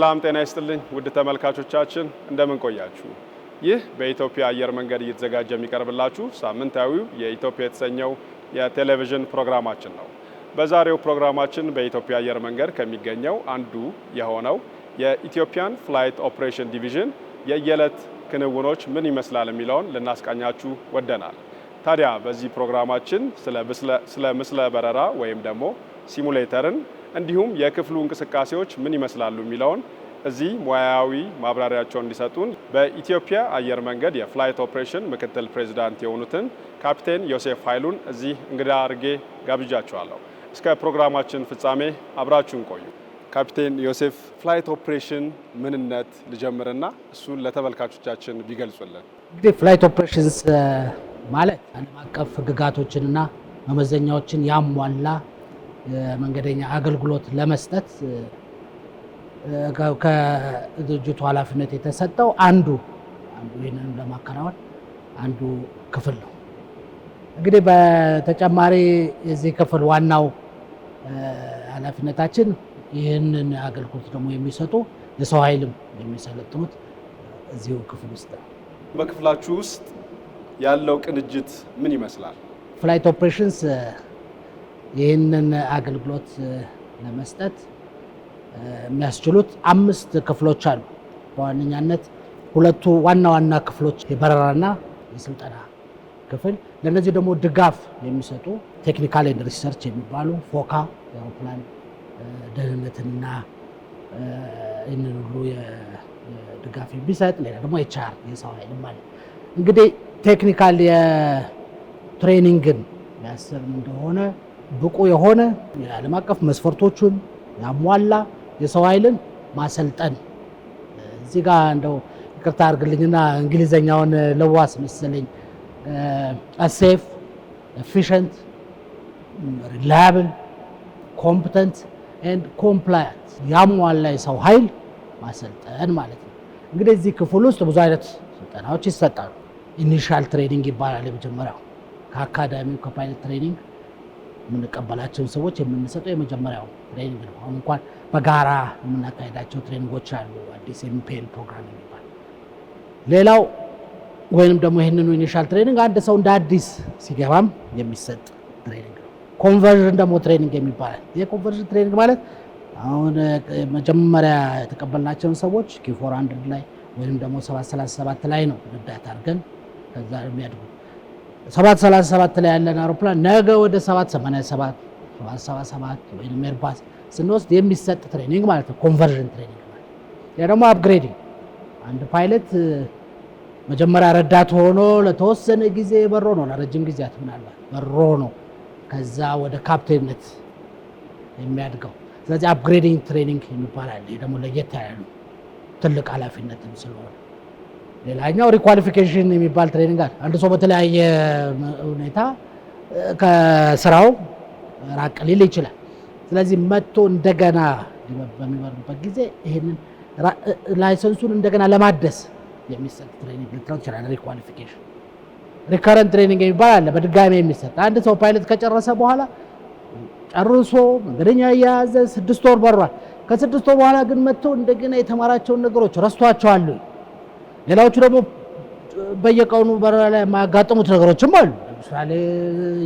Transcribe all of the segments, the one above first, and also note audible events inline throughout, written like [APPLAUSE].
ሰላም ጤና ይስጥልኝ ውድ ተመልካቾቻችን እንደምን ቆያችሁ? ይህ በኢትዮጵያ አየር መንገድ እየተዘጋጀ የሚቀርብላችሁ ሳምንታዊው የኢትዮጵያ የተሰኘው የቴሌቪዥን ፕሮግራማችን ነው። በዛሬው ፕሮግራማችን በኢትዮጵያ አየር መንገድ ከሚገኘው አንዱ የሆነው የኢትዮጵያን ፍላይት ኦፕሬሽን ዲቪዥን የየዕለት ክንውኖች ምን ይመስላል የሚለውን ልናስቃኛችሁ ወደናል። ታዲያ በዚህ ፕሮግራማችን ስለ ምስለ በረራ ወይም ደግሞ ሲሙሌተርን እንዲሁም የክፍሉ እንቅስቃሴዎች ምን ይመስላሉ የሚለውን እዚህ ሙያዊ ማብራሪያቸውን እንዲሰጡን በኢትዮጵያ አየር መንገድ የፍላይት ኦፕሬሽን ምክትል ፕሬዚዳንት የሆኑትን ካፕቴን ዮሴፍ ኃይሉን እዚህ እንግዳ አድርጌ ጋብዣቸዋለሁ። እስከ ፕሮግራማችን ፍጻሜ አብራችሁን ቆዩ። ካፕቴን ዮሴፍ፣ ፍላይት ኦፕሬሽን ምንነት ልጀምርና እሱን ለተመልካቾቻችን ቢገልጹልን። እንግዲህ ፍላይት ኦፕሬሽንስ ማለት ዓለም አቀፍ ሕግጋቶችንና መመዘኛዎችን ያሟላ የመንገደኛ አገልግሎት ለመስጠት ከድርጅቱ ኃላፊነት የተሰጠው አንዱ አንዱ ይህንንም ለማከናወን አንዱ ክፍል ነው። እንግዲህ በተጨማሪ የዚህ ክፍል ዋናው ኃላፊነታችን ይህንን አገልግሎት ደግሞ የሚሰጡ የሰው ኃይልም የሚሰለጥኑት እዚሁ ክፍል ውስጥ ነው። በክፍላችሁ ውስጥ ያለው ቅንጅት ምን ይመስላል? ፍላይት ኦፕሬሽንስ ይህንን አገልግሎት ለመስጠት የሚያስችሉት አምስት ክፍሎች አሉ። በዋነኛነት ሁለቱ ዋና ዋና ክፍሎች የበረራና የስልጠና ክፍል፣ ለእነዚህ ደግሞ ድጋፍ የሚሰጡ ቴክኒካል ኤንድ ሪሰርች የሚባሉ ፎካ የአውሮፕላን ደህንነትንና ይህንን ሁሉ ድጋፍ የሚሰጥ ሌላ ደግሞ ኤችአር የሰው ኃይል ማለት እንግዲህ ቴክኒካል የትሬኒንግን የሚያስብ እንደሆነ ብቁ የሆነ የዓለም አቀፍ መስፈርቶቹን ያሟላ የሰው ኃይልን ማሰልጠን። እዚህ ጋር እንደው ይቅርታ አድርግልኝና እንግሊዘኛውን ለዋስ መሰለኝ ሴፍ ኤፊሽንት ሪላያብል ኮምፕተንት ኤንድ ኮምፕላያንት ያሟላ የሰው ኃይል ማሰልጠን ማለት ነው። እንግዲህ እዚህ ክፍል ውስጥ ብዙ አይነት ስልጠናዎች ይሰጣሉ። ኢኒሻል ትሬኒንግ ይባላል የመጀመሪያው ከአካዳሚው ከፓይለት ትሬኒንግ የምንቀበላቸውን ሰዎች የምንሰጠው የመጀመሪያው ትሬኒንግ ነው። አሁን እንኳን በጋራ የምናካሄዳቸው ትሬኒንጎች አሉ። አዲስ ኤምፔል ፕሮግራም የሚባል ሌላው ወይንም ደግሞ ይህንኑ ኢኒሻል ትሬኒንግ አንድ ሰው እንደ አዲስ ሲገባም የሚሰጥ ትሬኒንግ ነው። ኮንቨርዥን ደግሞ ትሬኒንግ የሚባላል። ይህ ኮንቨርዥን ትሬኒንግ ማለት አሁን መጀመሪያ የተቀበልናቸውን ሰዎች ኪፎር አንድ ላይ ወይም ደግሞ ሰባት ሰላሳ ሰባት ላይ ነው ረዳት አድርገን ከዛ የሚያድጉት 737 ላይ ያለን አውሮፕላን ነገ ወደ 787 777 ወይም ኤርባስ ስንወስድ የሚሰጥ ትሬኒንግ ማለት ነው። ኮንቨርዥን ትሬኒንግ ማለት ያ ደግሞ አፕግሬዲንግ። አንድ ፓይለት መጀመሪያ ረዳት ሆኖ ለተወሰነ ጊዜ በሮ ነው፣ ለረጅም ጊዜያት ምናልባት በሮ ነው፣ ከዛ ወደ ካፕቴንነት የሚያድገው። ስለዚህ አፕግሬዲንግ ትሬኒንግ የሚባል አለ። ደግሞ ለየት ያለ ነው፣ ትልቅ ኃላፊነትም ስለሆነ ሌላኛው ሪኳሊፊኬሽን የሚባል ትሬኒንግ አለ። አንድ ሰው በተለያየ ሁኔታ ከስራው ራቅ ሊል ይችላል። ስለዚህ መጥቶ እንደገና በሚበርበት ጊዜ ይህንን ላይሰንሱን እንደገና ለማደስ የሚሰጥ ትሬኒንግ ልትለው ይችላል። ሪኳሊፊኬሽን ሪከረንት ትሬኒንግ የሚባል አለ፣ በድጋሚ የሚሰጥ አንድ ሰው ፓይለት ከጨረሰ በኋላ ጨርሶ መንገደኛ እየያዘ ስድስት ወር በሯል። ከስድስት ወር በኋላ ግን መጥቶ እንደገና የተማራቸውን ነገሮች ረስቷቸዋሉ ሌላዎቹ ደግሞ በየቀኑ በረራ ላይ የማያጋጥሙት ነገሮችም አሉ። ለምሳሌ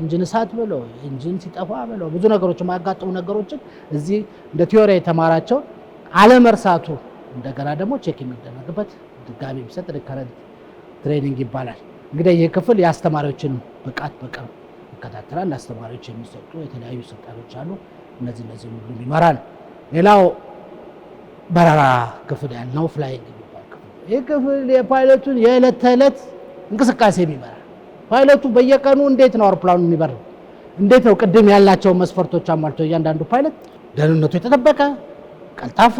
ኢንጂን እሳት ብለው ኢንጂን ሲጠፋ ብለው ብዙ ነገሮች የማያጋጥሙ ነገሮችን እዚህ እንደ ቲዮሪ የተማራቸው አለመርሳቱ እንደገና ደግሞ ቼክ የሚደረግበት ድጋሚ የሚሰጥ ሪከረንት ትሬኒንግ ይባላል። እንግዲህ ይህ ክፍል የአስተማሪዎችን ብቃት በቅርብ ይከታተላል። ለአስተማሪዎች የሚሰጡ የተለያዩ ስልጠኖች አሉ። እነዚህ እነዚህ ሁሉም ይመራል። ሌላው በረራ ክፍል ያልነው ፍላይንግ ይህ ክፍል የፓይለቱን የዕለት ተዕለት እንቅስቃሴ የሚመራ ፓይለቱ በየቀኑ እንዴት ነው አውሮፕላኑ የሚበረው? እንዴት ነው ቅድም ያላቸውን መስፈርቶች አሟልቶ እያንዳንዱ ፓይለት ደህንነቱ የተጠበቀ ቀልጣፋ፣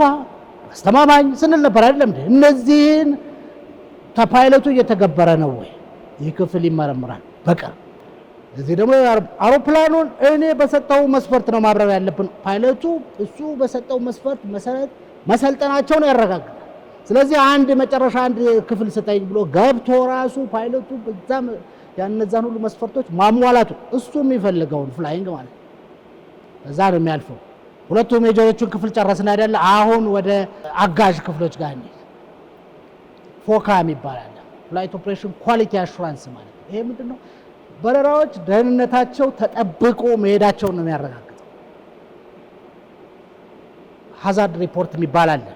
አስተማማኝ ስንል ነበር አይደለም? እነዚህን ከፓይለቱ እየተገበረ ነው ወይ? ይህ ክፍል ይመረምራል በቀር እዚህ ደግሞ አውሮፕላኑን እኔ በሰጠው መስፈርት ነው ማብረር ያለብን። ፓይለቱ እሱ በሰጠው መስፈርት መሰረት መሰልጠናቸውን ያረጋግጥ ስለዚህ አንድ መጨረሻ አንድ ክፍል ስጠኝ ብሎ ገብቶ ራሱ ፓይለቱ በዛም ያነዛን ሁሉ መስፈርቶች ማሟላቱ እሱ የሚፈልገውን ፍላይንግ ማለት ነው። እዛ ነው የሚያልፈው። ሁለቱ ሜጀሮቹን ክፍል ጨረስን አይደለ? አሁን ወደ አጋዥ ክፍሎች ጋር እንሂድ። ፎካ የሚባላለ ፍላይት ኦፕሬሽን ኳሊቲ አሹራንስ ማለት ነው። ይሄ ምንድን ነው? በረራዎች ደህንነታቸው ተጠብቆ መሄዳቸውን ነው የሚያረጋግጠው። ሀዛርድ ሪፖርት የሚባላለን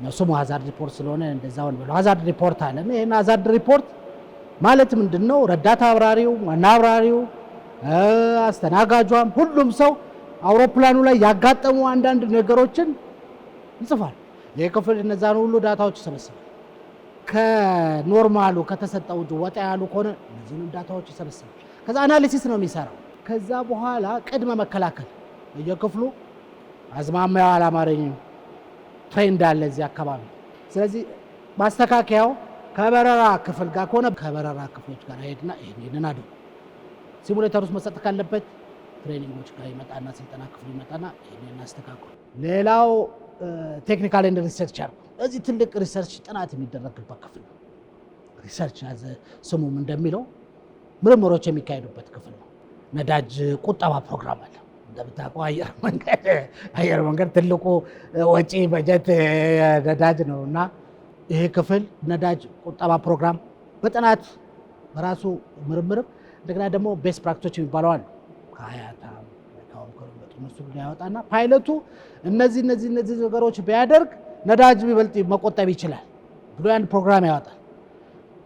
እነሱም ሀዛርድ ሪፖርት ስለሆነ እንደዛውን ሆን ብለው ሀዛርድ ሪፖርት አለ። ይህን ሀዛርድ ሪፖርት ማለት ምንድን ነው? ረዳት አብራሪው፣ ዋና አብራሪው፣ አስተናጋጇም ሁሉም ሰው አውሮፕላኑ ላይ ያጋጠሙ አንዳንድ ነገሮችን ይጽፋል። ይህ ክፍል እነዛን ሁሉ ዳታዎች ይሰበስባል። ከኖርማሉ ከተሰጠው ወጣ ያሉ ከሆነ እነዚህንም ዳታዎች ይሰበስባል። ከዛ አናሊሲስ ነው የሚሰራው። ከዛ በኋላ ቅድመ መከላከል የክፍሉ አዝማሚያው አላማረኝም ትሬንድ አለ እዚህ አካባቢ። ስለዚህ ማስተካከያው ከበረራ ክፍል ጋር ከሆነ ከበረራ ክፍሎች ጋር ሄድና ይህንን አድርጉ። ሲሙሌተር ውስጥ መሰጠት ካለበት ትሬኒንጎች ጋር ይመጣና ስልጠና ክፍል ይመጣና ይህንን አስተካክሉ። ሌላው ቴክኒካል ኤንድ ሪሰርች አድርጉ። እዚህ ትልቅ ሪሰርች ጥናት የሚደረግበት ክፍል ነው። ሪሰርች ስሙም እንደሚለው ምርምሮች የሚካሄዱበት ክፍል ነው። ነዳጅ ቁጠባ ፕሮግራም አለ። እንደምታውቀው አየር [LAUGHS] መንገድ አየር መንገድ ትልቁ ወጪ በጀት ነዳጅ ነው እና ይሄ ክፍል ነዳጅ ቁጠባ ፕሮግራም በጥናት በራሱ ምርምርም እንደገና ደግሞ ቤስት ፕራክቲሶች የሚባለዋል ከሀያታ እነሱ ያወጣና ፓይለቱ እነዚህ እነዚህ እነዚህ ነገሮች ቢያደርግ ነዳጅ ቢበልጥ መቆጠብ ይችላል ብሎ ያን ፕሮግራም ያወጣል።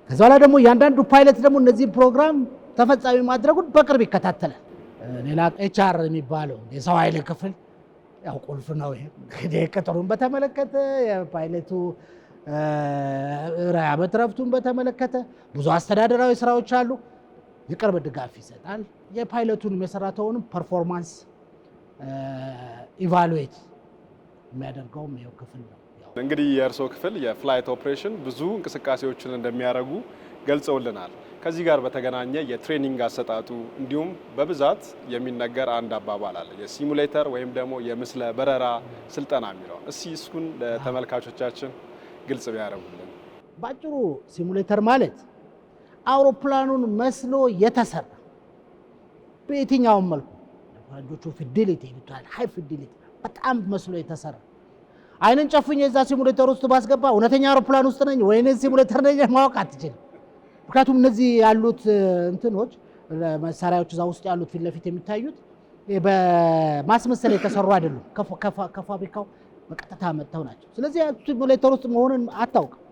ከዚ በኋላ ደግሞ እያንዳንዱ ፓይለት ደግሞ እነዚህ ፕሮግራም ተፈጻሚ ማድረጉን በቅርብ ይከታተላል። ሌላ ኤችአር የሚባለው የሰው ኃይል ክፍል ያው ቁልፍ ነው። እንግዲህ ቅጥሩን በተመለከተ የፓይለቱ ዓመት ረፍቱን በተመለከተ ብዙ አስተዳደራዊ ስራዎች አሉ። የቅርብ ድጋፍ ይሰጣል። የፓይለቱንም የሰራተውንም ፐርፎርማንስ ኢቫሉዌት የሚያደርገውም ይኸው ክፍል ነው። እንግዲህ የእርስዎ ክፍል የፍላይት ኦፕሬሽን ብዙ እንቅስቃሴዎችን እንደሚያደርጉ ገልጸውልናል። ከዚህ ጋር በተገናኘ የትሬኒንግ አሰጣጡ እንዲሁም በብዛት የሚነገር አንድ አባባል አለ፣ የሲሙሌተር ወይም ደግሞ የምስለ በረራ ስልጠና የሚለው እስኪ እስኩን ለተመልካቾቻችን ግልጽ ቢያደርጉልን። ባጭሩ ሲሙሌተር ማለት አውሮፕላኑን መስሎ የተሰራ በየትኛውም መልኩ ፈረንጆቹ ፊዲሊቲ ይሉታል፣ ሀይ ፊዲሊቲ በጣም መስሎ የተሰራ አይንን ጨፍኜ የዛ ሲሙሌተር ውስጥ ባስገባ እውነተኛ አውሮፕላን ውስጥ ነኝ ወይኔ ሲሙሌተር ነኝ ማወቅ አትችልም። ምክንያቱም እነዚህ ያሉት እንትኖች መሳሪያዎች እዛ ውስጥ ያሉት ፊት ለፊት የሚታዩት በማስመሰል የተሰሩ አይደሉም። ከፋብሪካው በቀጥታ መጥተው ናቸው። ስለዚህ ሲሙሌተር ውስጥ መሆኑን አታውቅም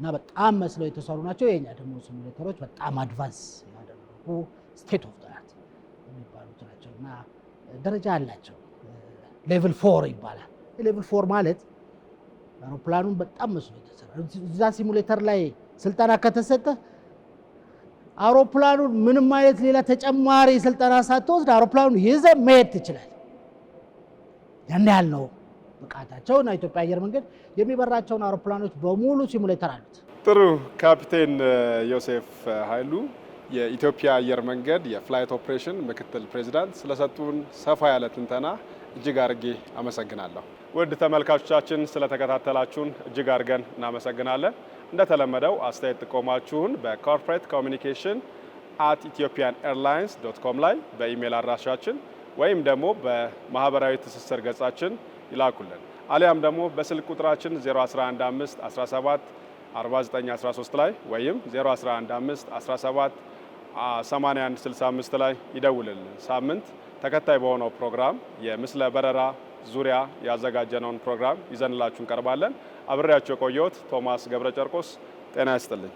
እና በጣም መስለው የተሰሩ ናቸው። የኛ ደግሞ ሲሙሌተሮች በጣም አድቫንስ ያደረጉ ስቴት ኦፍ ዳርት የሚባሉት ናቸው እና ደረጃ አላቸው። ሌቭል ፎር ይባላል። ሌቭል ፎር ማለት አውሮፕላኑን በጣም መስሎ የተሰራ እዛ ሲሙሌተር ላይ ስልጠና ከተሰጠ አውሮፕላኑን ምንም አይነት ሌላ ተጨማሪ ስልጠና ሳትወስድ አውሮፕላኑ ይዘ መሄድ ትችላል። ያን ያህል ነው ብቃታቸውና ኢትዮጵያ አየር መንገድ የሚበራቸውን አውሮፕላኖች በሙሉ ሲሙሌተር አሉት። ጥሩ ካፕቴን ዮሴፍ ኃይሉ የኢትዮጵያ አየር መንገድ የፍላይት ኦፕሬሽን ምክትል ፕሬዚዳንት ስለሰጡን ሰፋ ያለ ትንተና እጅግ አድርጌ አመሰግናለሁ። ውድ ተመልካቾቻችን ስለተከታተላችሁን እጅግ አድርገን እናመሰግናለን። እንደተለመደው አስተያየት ጥቆማችሁን በኮርፖሬት ኮሚኒኬሽን አት ኢትዮጵያን ኤርላይንስ ዶት ኮም ላይ በኢሜይል አድራሻችን ወይም ደግሞ በማህበራዊ ትስስር ገጻችን ይላኩልን። አሊያም ደግሞ በስልክ ቁጥራችን 0115 17 ላይ ወይም 0115 17 ላይ ይደውልልን። ሳምንት ተከታይ በሆነው ፕሮግራም የምስለ በረራ ዙሪያ ያዘጋጀነውን ፕሮግራም ይዘንላችሁ እንቀርባለን። አብሬያቸው የቆየሁት ቶማስ ገብረ ጨርቆስ ጤና ይስጥልኝ።